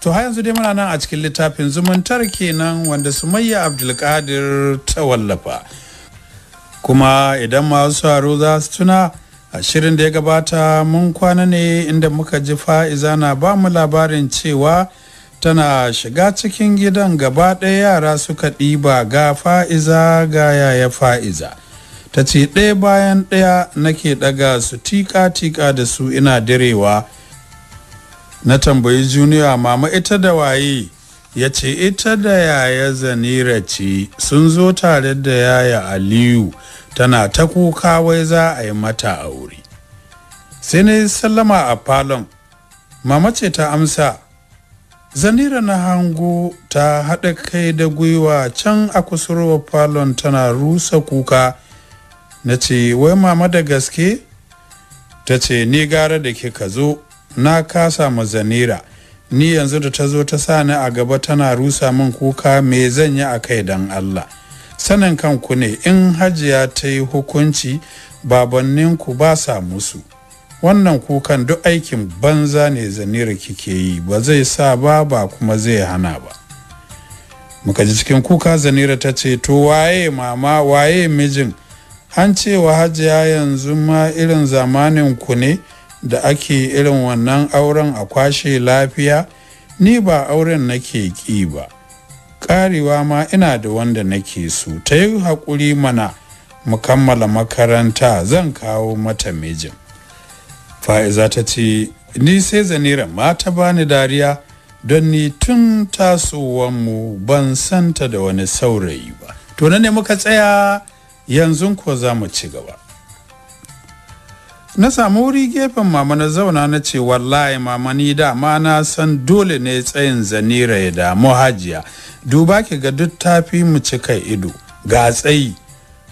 to har yanzu dai muna nan a cikin littafin zumuntar kenan wanda sumayya abdulkadir ta wallafa kuma idan masu haro za su tuna a shirin da ya gabata mun kwana ne inda muka ji fa'iza na ba mu labarin cewa tana shiga cikin gidan gaba ɗaya yara suka ɗiba ga fa'iza ga yaya fa'iza ta ce ɗaya bayan ɗaya nake ɗaga su tika-tika da su ina direwa na tambayi juniya mama ita da waye ya ce ita da yaya zanira ce sun zo tare da yaya aliyu tana ta kuka wai za a yi mata aure sai na sallama a falon mama ce ta amsa zanira na hango ta haɗa kai da gwiwa can a kusurwa falon tana rusa kuka na ce wai mama da gaske ta ce ni gara da kika zo na kasa ma zanira ni yanzu da ta zo ta sani a gaba tana rusa min kuka me zan yi a kai dan Allah sanin kanku ne in hajiya ta yi hukunci babanninku ba sa musu wannan kukan duk aikin banza ne zanira kike yi ba zai sa ba ba kuma zai hana ba muka ji cikin kuka zanira ta ce to waye mama waye mijin an cewa hajiya yanzu ma irin zamanin ku ne da ake irin wannan auren a kwashe lafiya ni ba auren nake ki ba karewa ma ina da wanda nake so ta yi haƙuri mana mu kammala makaranta zan kawo mata mijin fa'iza ta ce ni sai zanira ma ta bani dariya don ni tun tasowanmu ban santa da wani saurayi ba to ne muka tsaya yanzu ko za mu ci gaba na samu wuri gefen mama na zauna na ce wallahi mama ni da ma na san dole ne tsayin zanira ya damu hajiya duba ki ga duk tafi mu cika ido ga tsayi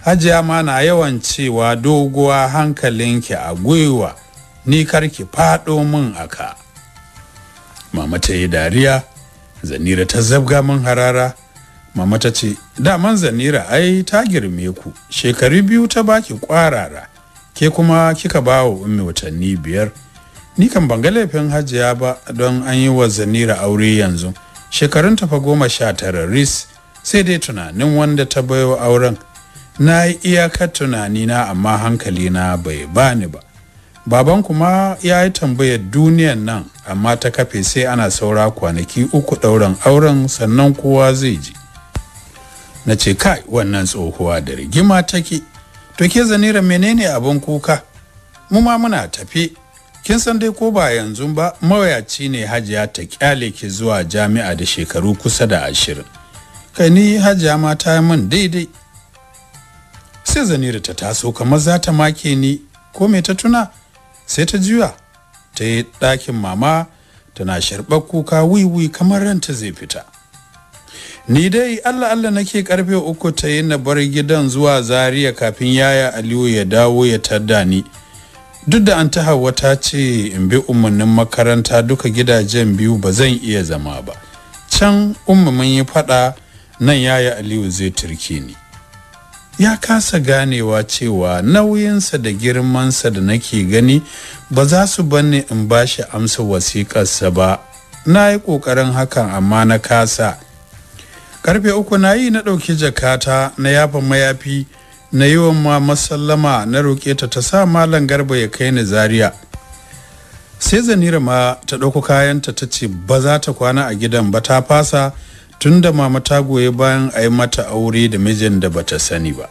hajiya ma na yawan cewa doguwa hankalinki a gwiwa ni ki faɗo min aka mama ta yi dariya zanira ta zabga min harara mama ta ce daman zanira ai ta girme ku shekaru biyu ta baki kwarara ke kuma kika ba wa ummi watanni biyar ni kan ban ga laifin hajiya ba don an yi wa zanira aure yanzu shekarun tafa goma sha tara ris sai dai tunanin wanda ta baiwa auren na yi iyakar tunanina amma hankalina bai bani ba baban kuma ya yi tambayar duniyan nan amma ta kafe sai ana saura kwanaki uku ɗauran auren sannan kowa zai ji na ce kai wannan tsohuwa da rigima take to ke zanira menene abin kuka mu ma muna tafi kin san dai ko ba yanzu ba mawayaci ne hajiya ta kyale ke zuwa jami'a da shekaru kusa da ashirin kai ni hajiya ma ta yi min daidai sai zanira ta taso kamar za ta make ni ko me ta tuna sai ta juya ta yi ɗakin mama tana sharɓar kuka wiwi kamar ranta zai fita ni dai allah allah nake karfe uku ta yi na bar gidan zuwa zaria kafin yaya aliyu ya dawo ya tadda ni duk da an ta hawa ta ce in bi umarnin makaranta duka gidajen biyu ba zan iya zama ba can umarnin mun yi fada nan yaya aliyu zai turke ni ya kasa ganewa cewa nauyinsa da girmansa da nake gani ba za su banne in ba shi amsa wasiƙarsa ba na yi ƙoƙarin hakan amma na kasa karfe uku na yi na ɗauki jakata na yafa mayafi na yi wa masallama na roƙe ta ta sa malam garba ya kai ni zaria sai zanira ma ta ɗauko kayanta ta ce ba za ta kwana a gidan ba ta fasa tunda mama ta goye bayan a yi mata aure da mijin da ba ta sani ba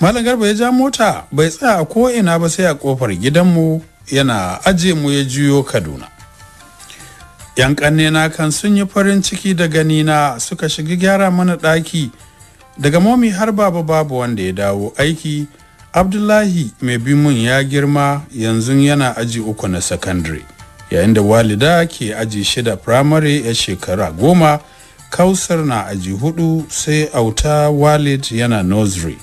malam garba ya ja mota bai tsaya a ko'ina ba sai a kofar gidanmu yana aje mu ya juyo kaduna yan kannena kan sun yi farin ciki da gani na suka shiga gyara mana ɗaki daga momi har baba babu wanda ya dawo aiki abdullahi mai bi mun ya girma yanzu yana aji uku na sakandare yayin da walida ke aji shida firamare ya shekara goma kausar na aji hudu sai auta walid yana nursery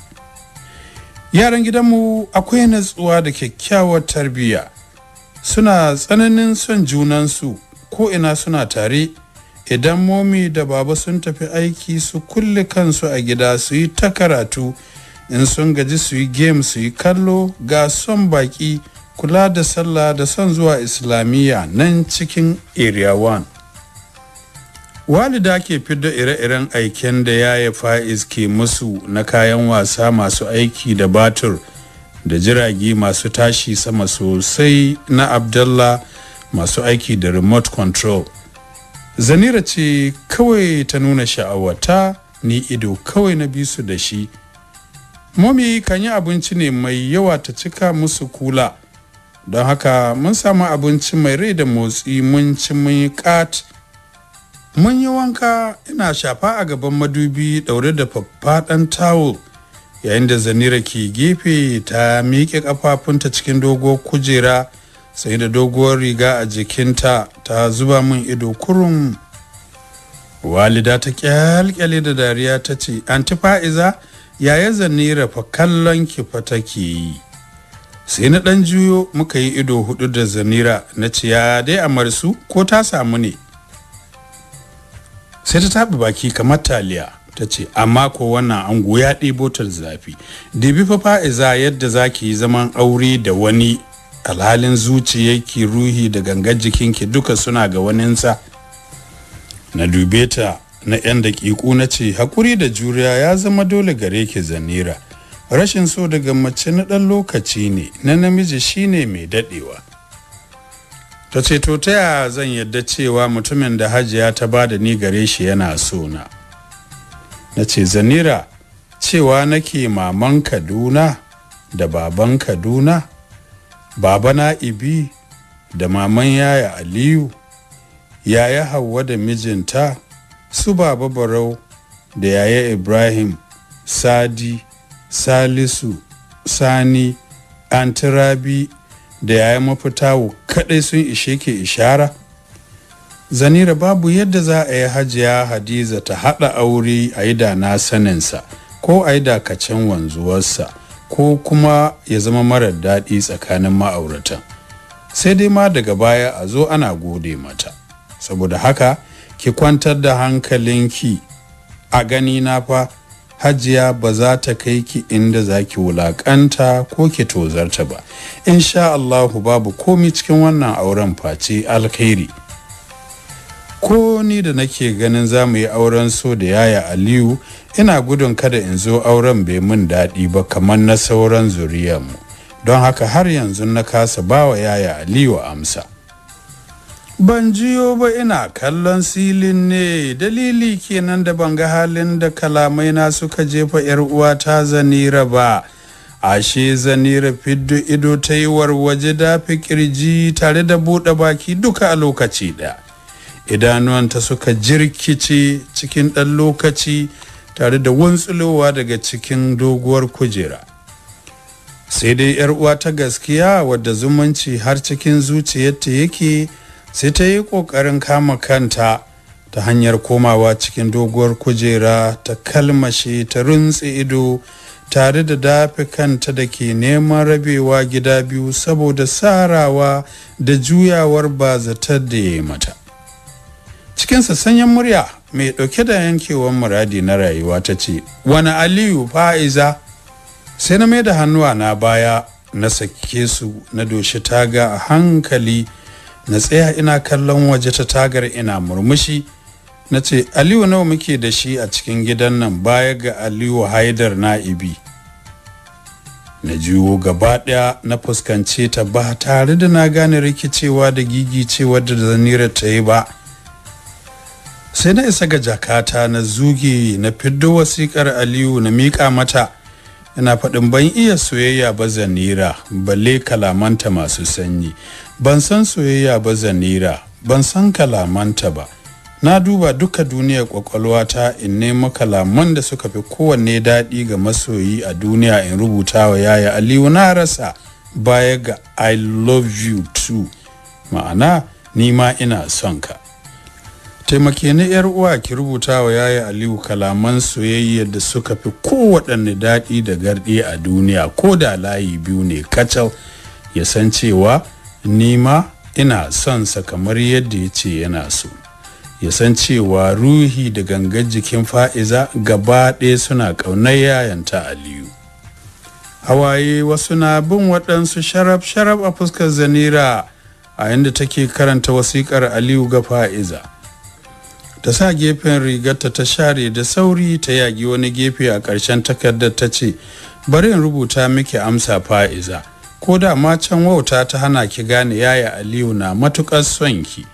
yaran gidanmu akwai natsuwa da kyakkyawar tarbiyya suna tsananin son junansu ko'ina suna tare idan momi da baba sun tafi aiki su kulle kansu a gida su yi ta karatu in sun gaji su yi game su yi kallo ga son baki kula da sallah da son zuwa islamiyya nan cikin area 1 walida ke fidda ire-iren aiken da ya yi fa'iz ke musu na kayan wasa masu aiki da batur da jirage masu tashi sama sosai na abdallah masu aiki da remote control zanira ce kawai ta nuna sha'awata ni ido kawai na bisu da shi momi kan yi abinci ne mai yawa ta cika musu kula don haka mun samu abinci mai rai da motsi mun ci mun yi kat mun yi wanka ina shafa a gaban madubi daure da faffaɗan tawul yayin da zanira ke gefe ta miƙe ƙafafunta cikin dogo kujera sai da doguwar riga a jikinta ta zuba min ido kurum walida ta kyalkyale da dariya ta ce anti fa'iza yi zanni fa kallon ki fa take yi sai na dan juyo muka yi ido hudu da zanira na ce ya dai amarsu ko ta samu ne sai ta taɓa baki kamar taliya ta ce amma ko wannan an ya ɗebo ta zafi dibi fa fa'iza yadda za ki yi zaman aure da wani alhalin zuciyarki ruhi da gangar jikinki duka suna ga waninsa na dube ta na 'yan daƙiƙu na ce haƙuri da juriya ya zama dole gare ki zanira rashin so daga mace na ɗan lokaci ne na namiji shine mai daɗewa ta ce to ta yaya zan yadda cewa mutumin da hajiya ta ba da ni gare shi yana so na na ce zanira cewa nake maman kaduna da baban kaduna baba na ibi da maman yaya aliyu yaya Hauwa da mijinta su baba barau da yaya ibrahim sadi salisu sani antirabi da yaya mafitawo kaɗai sun ishe ke ishara zanira babu yadda za a yi hajiya hadiza ta haɗa aure a yi da na saninsa ko a yi dakacin wanzuwarsa ko kuma ya zama marar daɗi tsakanin ma'auratan sai dai ma daga baya a zo ana gode mata saboda haka ki kwantar da hankalinki a gani na fa hajiya ba za ta kai ki inda za ki wulaƙanta ko ki tozarta ba insha Allahu babu komi cikin wannan auren face alkhairi ko ni da nake ganin za mu yi auren so da yaya aliyu ina gudun kada in zo auren bai mun daɗi ba kamar na sauran zuriyarmu don haka har yanzu na kasa ba wa yaya aliyu amsa ban jiyo ba ina kallon silin ne dalili kenan da ban ga halin da kalamai na suka jefa yar uwata zanira ba ashe zanira fiddo ido ta yi warwaje dafi kirji tare da buɗe baki duka a lokaci ɗaya idanuwanta suka jirkice cikin ɗan lokaci tare da wuntsulowa daga cikin doguwar kujera sai dai yar uwa ta gaskiya wadda zumunci har cikin zuciyarta yake sai ta yi ƙoƙarin kama kanta ta hanyar komawa cikin doguwar kujera ta kalmashe ta runtse ido tare da dafi kanta da ke neman rabewa gida biyu saboda sarawa da juyawar ba bazatar da ya yi mata cikin sanyin murya mai ɗauke da yankewar muradi na rayuwa ta ce wani aliyu fa'iza sai na mai da hannuwa na baya na sake su na doshi taga a hankali na tsaya ina kallon waje ta tagar ina murmushi na ce aliyu nawa muke da shi a cikin gidan nan baya ga aliyu haidar na'ibi na juyo gaba ɗaya na fuskance ta ba tare da na gane rikicewa da gigicewa da zanira ta yi ba sai na isa ga jakata na zugi na fiddo wasikar aliyu na miƙa mata ina faɗin ban iya soyayya ba zanira balle kalamanta masu sanyi ban san soyayya ba zanira ban san kalamanta ba na duba duka duniyar kwakwalwata in nemo kalaman da suka fi kowanne daɗi ga masoyi a duniya in rubuta wa yaya aliyu na rasa baya ga i love you too ma'ana ni ma ina son ka taimake ni yar uwa ki rubuta wa yaya aliyu kalaman soyayya da suka fi kowaɗanne daɗi da garɗi a duniya ko da layi biyu ne kacal ya san cewa nima ina son sa kamar yadda ya ce yana so ya san cewa ruhi da gangar jikin fa'iza gaba ɗaya suna ƙaunar yayanta aliyu hawaye wasu na bin waɗansu sharaf-sharaf a fuskar zanira a yadda take karanta wasikar aliyu ga fa'iza ta sa gefen rigarta ta share da sauri ta yagi wani gefe a ƙarshen takardar ta ce bari in rubuta miki amsa fa'iza ko da ma can wauta ta hana ki gane yaya aliyu na matuƙar son ki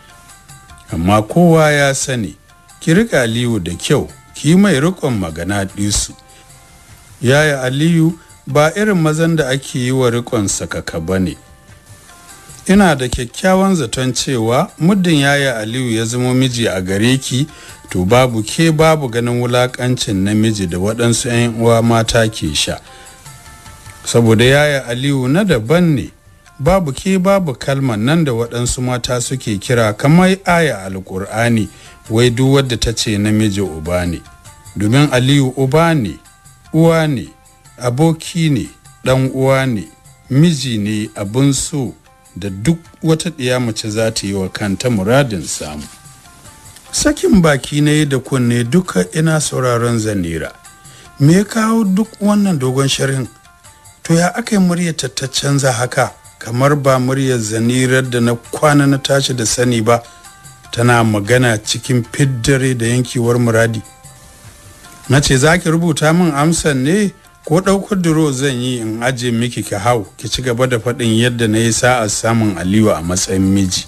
amma kowa ya sani ki riƙa aliyu da kyau ki mai riƙon magana yaya aliyu ba irin mazan da ake yi wa riƙon sakaka ba ne ina da kyakkyawan zaton cewa muddin yaya aliyu ya zama miji a gare ki to babu ke babu ganin wulakancin namiji da waɗansu 'yan uwa mata ke sha saboda yaya aliyu na daban ne babu ke babu kalman nan da waɗansu mata suke kira kamar aya Alkur'ani wai duk wadda ta ce namiji uba ne domin aliyu uba ne uwa ne aboki ne ɗan uwa ne miji ne abin so da duk wata ɗiya mace za ta yi wa kanta muradin samu sakin baki na yi da kunne duka ina sauraron zanira me ya kawo duk wannan dogon sharhin to ya aka yi murya ta canza haka kamar ba muryar zanirar da na kwana na tashi da sani ba tana magana cikin fiddare da yankewar muradi na ce za ki rubuta min amsan ne ko ɗaukar duro zan yi in aje miki ki hau ki ci gaba da faɗin yadda na yi sa'a samun aliyu a matsayin miji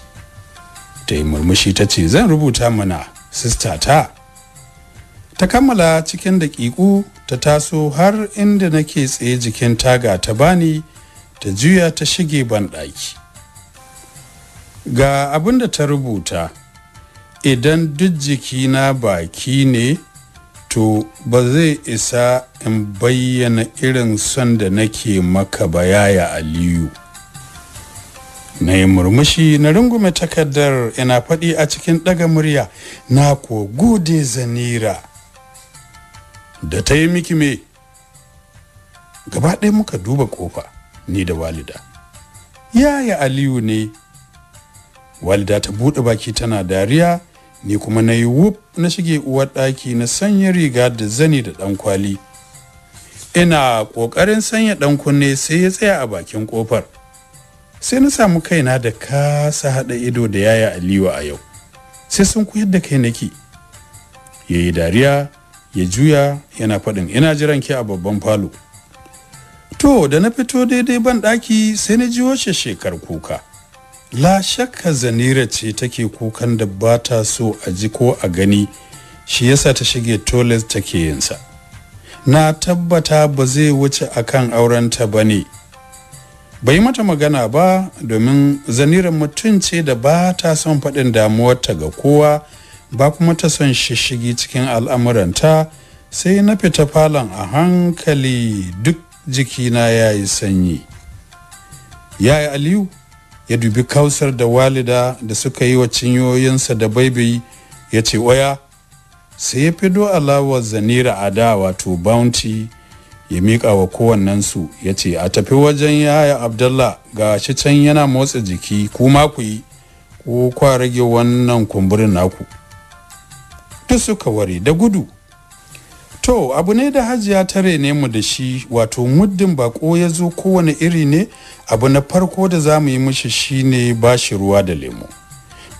ta yi murmushi ta ce zan rubuta mana sista ta ta kammala cikin daƙiƙu ta taso har inda nake tsaye jikin taga ta bani ta juya ta shige banɗaki ga abin da ta rubuta idan duk jikina baki ne to ba zai isa in bayyana irin son da nake maka ba yaya aliyu na yi murmushi na rungume takardar ina faɗi a cikin ɗaga murya na ko gode zanira da ta yi miki me gaba ɗaya muka duba ƙofa ni da walida yaya aliyu ne walida ta buɗe baki tana dariya ni kuma na yi wuf na shige uwar ɗaki na sanya riga da zani da ɗan kwali ina ƙoƙarin sanya ɗan kunne sai ya tsaya a bakin ƙofar sai na samu kaina da kasa haɗa ido da yaya aliyu a yau sai sun koyar da kai nake ya yi dariya ya juya yana faɗin ina jiran ki a babban falo to da na fito daidai ban ɗaki sai na ji washe shekar kuka la shakka zanira ce take kukan da ba ta so a ji ko a gani shi yasa ta shige toilet take yinsa na tabbata ba zai wuce akan aurenta ba ne bai mata magana ba domin zanira mutum ce da ba ta son faɗin damuwarta ga kowa ba kuma ta son shi shige cikin al'amuranta sai na fita falon a hankali duk jikina ya yi sanyi yi aliyu ya dubi kausar da walida da suka yi wa cinyoyinsa da baibayi ya ce waya sai ya fido alawar zanira a da wato bounty ya miƙa wa kowannensu ya ce a tafi wajen yaya abdallah ga shi can yana motsa jiki kuma ku yi ko kwa rage wannan kumburin naku duk suka ware da gudu To abu ne da hajiya ta rene mu da shi wato muddin bako ya zo kowane iri ne abu na farko da za mu yi mishi shine ba shi ruwa da lemu.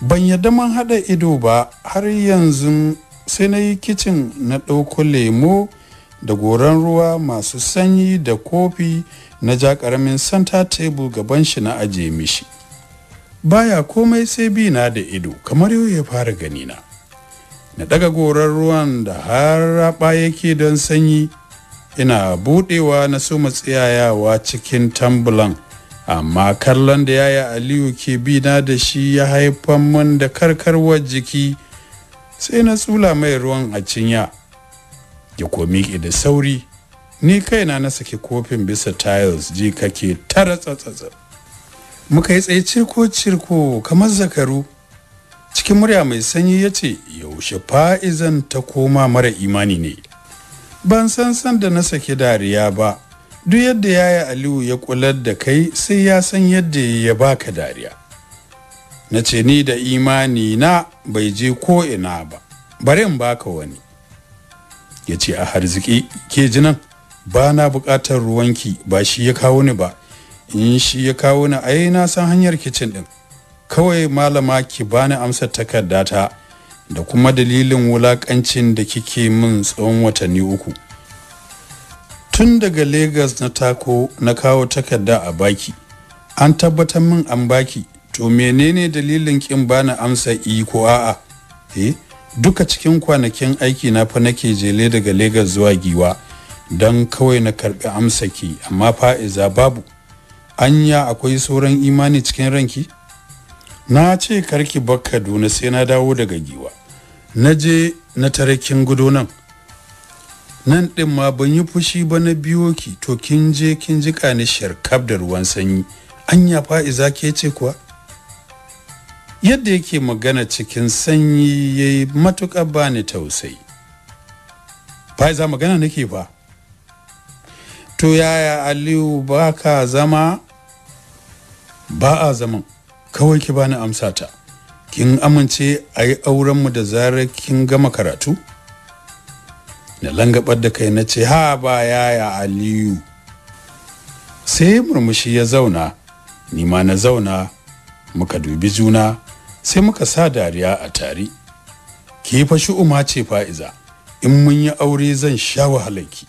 Ban yadda man haɗa ido ba har yanzu sai na yi kicin na ɗauko lemu da goran ruwa masu sanyi da kofi na ja ƙaramin santa table gaban shi na ajiye mishi. Baya komai sai bi na da ido kamar yau ya fara ganina. na daga gorar ruwan da har yake don sanyi ina buɗewa na so tsayayawa cikin tambulan amma kallon da yaya aliyu ke bi na da shi ya haifan mun da karkarwar jiki sai na tsula mai ruwan a cinya ya komi da sauri ni kaina na saki kofin bisa tiles ji kake tara tsatsatsa muka yi tsaye cirko cirko kamar zakaru cikin murya mai sanyi ya ce yaushe fa'izan ta koma mara imani ne ban san san da na sake dariya ba duk yadda ya yi aliyu ya kular da kai sai ya san yadda ya baka dariya na ce ni da imani na bai je ko ina ba bari in baka wani ya ce a harziki ke jinan ba na bukatar ruwanki ba shi ya kawo ni ba in shi ya kawo ni ai na san hanyar kicin din kawai malama ki bani amsar ta, da kuma dalilin wulakancin da kike min tsawon watanni uku tun daga lagos na tako na kawo takarda a baki an tabbatar min an baki to menene dalilin kin bani amsa i ko a'a eh duka cikin kwanakin aiki na fa nake jele daga lagos zuwa giwa don kawai na karbi amsa ki amma fa'iza babu anya akwai sauran imani cikin ranki na ce karki bar kaduna sai na dawo daga giwa na je na tarakin gudo nan nan ɗin ma ban yi fushi ba na biyo ki to kin je kin ji ni sharkab da ruwan sanyi anya fa'iza ke ce kuwa yadda yake magana cikin sanyi ya yi matuƙa ba ni tausayi fa'iza magana nake ba to yaya aliyu ba ka zama ba a zaman kawai ki bani amsa ta kin amince a yi aurenmu da zarar kin gama karatu na langabar da kai na ce ha ba yaya aliyu sai murmushi ya zauna nima na zauna muka dubi juna sai muka sa dariya a tari ki fa shi ce fa'iza in mun yi aure zan sha wahalarki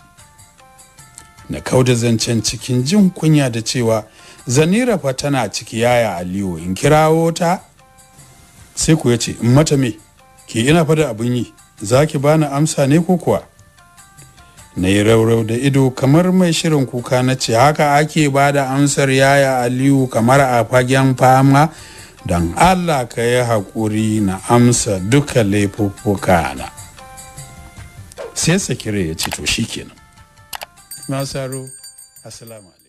na kauda zancen cikin jin kunya da cewa zanira fa tana ciki yaya aliyu in kirawo ta sai ku ya in mata me ki ina fa da abin yi za ki bani amsa ne ko kuwa na yi raurau da ido kamar mai shirin kuka na ce haka ake ba da amsar yaya aliyu kamar a fagen fama don allah ka yi haƙuri na amsa duka laifuffuka na sai sakire ya ce to shikenan Nasaro, Assalamu alaikum.